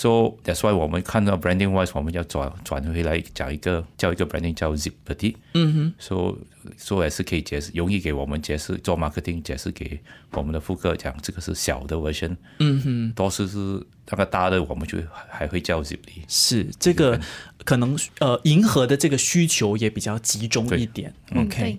所以、so，that's why 我們看到 branding wise，我們要轉轉回來講一個叫一個 branding 叫 Cziplee 的。嗯哼。So so 也是可以解釋，容易給我們解釋，做 marketing 解釋給我們的顧客講，這個是小的 version。嗯哼。多數是那個大的，我們就還，還會叫 Cziplee 是，這個這邊可能呃，迎合的這個需求也比較集中一點。對 OK。Okay.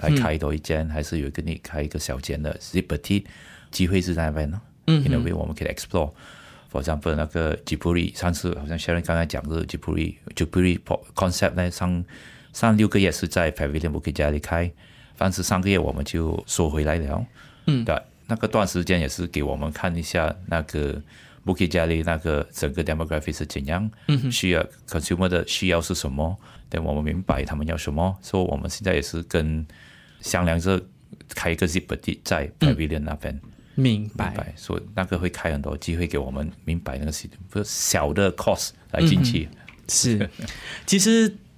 來開多一間，嗯、還是有個你開一個小間的 Cziplee 機會是在邊咯？嗯哼，因為我們可以 explore。For example, 那個 Juburi 上次好像 Sheren 剛剛講個 Juburi Juburi concept 上上六個月是在 f e b r u 家裏開，但是上個月我們就收回來了。嗯，那個段時間也是給我們看一下那個屋企家裏那個整個 demography 是怎樣？需要、mm hmm. consumer 的需要是什麼？等我們明白他們要什麼，所、so, 以我們現在也是跟商量住開一個 Cziplee, 在 Pavilion 那邊。Mm hmm. 明白，所以、so, 那個會開很多機會給我們明白那些小的 cost 來進去。Mm hmm. 是， 其實。